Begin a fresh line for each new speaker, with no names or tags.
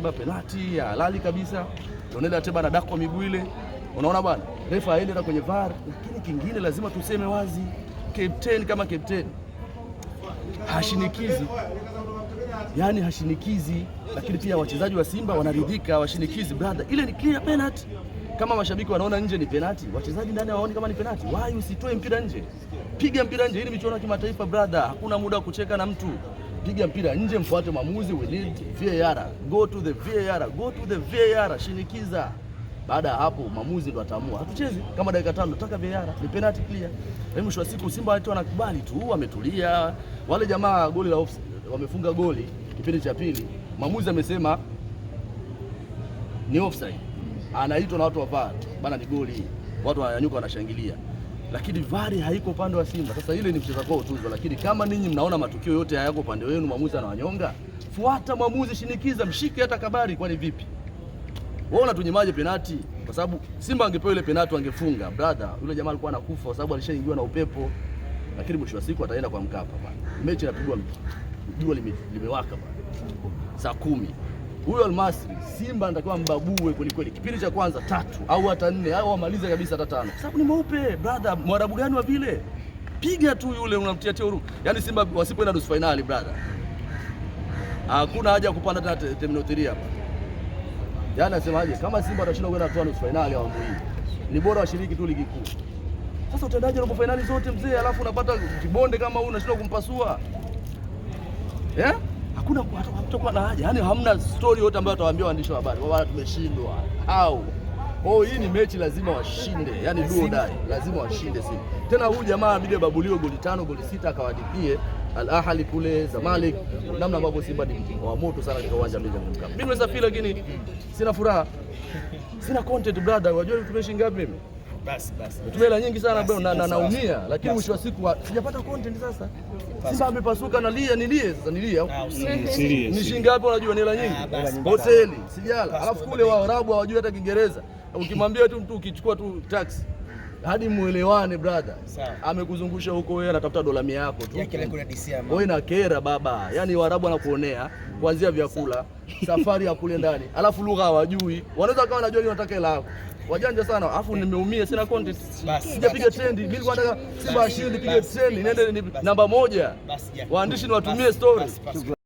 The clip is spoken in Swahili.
Simba penati ya halali kabisa, Donel Ateba anadakwa miguu ile, unaona bwana, refa aende na kwenye VAR. Lakini kingine lazima tuseme wazi, captain kama captain hashinikizi, yani hashinikizi, lakini pia wachezaji wa Simba wanaridhika, washinikizi brother, ile ni clear penalty kama mashabiki wanaona nje ni penati, wachezaji ndani hawaoni kama ni penati, wai usitoe mpira nje, piga mpira nje. Hii ni michuano ya kimataifa brother, hakuna muda wa kucheka na mtu piga mpira nje, mfuate mwamuzi. We need VAR, go to the VAR, go to the VAR, shinikiza. Baada ya hapo mwamuzi ndo ataamua. Hatuchezi kama dakika tano, nataka VAR, ni penalty clear. Lakini mwisho wa siku Simba watu wanakubali tu, wametulia. Wale jamaa goli la offside, wamefunga goli kipindi cha pili, mwamuzi amesema ni offside, anaitwa na watu wa VAR bana, ni goli. Watu wananyuka wanashangilia lakini VAR haiko upande wa Simba. Sasa ile ni mchezo wao tuzo, lakini kama ninyi mnaona matukio yote hayako upande wenu, mwamuzi anawanyonga, fuata mwamuzi, shinikiza, mshike hata kabari. Kwani vipi? Wewe unatunyemaje penati? Kwa sababu Simba angepewa ile penati angefunga, brother. Yule jamaa alikuwa anakufa kwa sababu alishaingiwa na upepo, lakini mwisho wa siku ataenda kwa Mkapa bana. Mechi inapigwa, jua limewaka lime saa kumi huyo Almasri Simba anatakiwa mbague kweli kweli, kipindi cha kwanza tatu au hata nne au amalize kabisa hata tano, sababu ni mweupe brother. Mwarabu gani wa vile? Piga tu yule, tia huruma. Yani Simba wasipoenda nusu fainali brother, hakuna haja ya kupanda tena terminotiri hapa. Yaani nasemaje, kama Simba watashinda kwenda hatua nusu finali au hii, ni bora washiriki tu ligi kuu. Sasa utendaje robo fainali zote mzee, alafu unapata kibonde kama huu, unashindwa kumpasua yeah? hakuna hakutakuwa na haja, yaani hamna story yote ambayo atawaambia waandishi wa habari wala tumeshindwa au oh, hii ni mechi lazima washinde, yani duo dai lazima washinde Simba. Tena huyu jamaa abidi babuliwe goli tano goli sita akawadipie Al Ahli kule Zamalek, namna ambavyo Simba ni wa moto sana katika uwanja wa Benjamin Mkapa. Mimi nimesafiri lakini sina furaha, sina content brother. Unajua ngapi mimi basi Tumia hela nyingi sana bro, na naumia, lakini mwisho wa siku sijapata content. Sasa Simba amepasuka, nalia, nilie sasa, nilie ni shilingi ngapi? Unajua ni hela nyingi, hoteli ah, sijala, alafu kule Waarabu hawajui hata Kiingereza. Ukimwambia tu mtu ukichukua tu taxi hadi mwelewane brother, amekuzungusha huko, wewe anatafuta dola mia yako tu, wewe na kera baba. Yani Waarabu anakuonea kuanzia vyakula, safari ya kule ndani, alafu lugha hawajui. Wanaweza kawa wanajua, wanataka hela yako wajanja sana, afu nimeumia, sina content, sijapiga trendi. Mimi nilikuwa nataka Simba ashinde, pige trendi, niende namba moja, waandishi niwatumie story.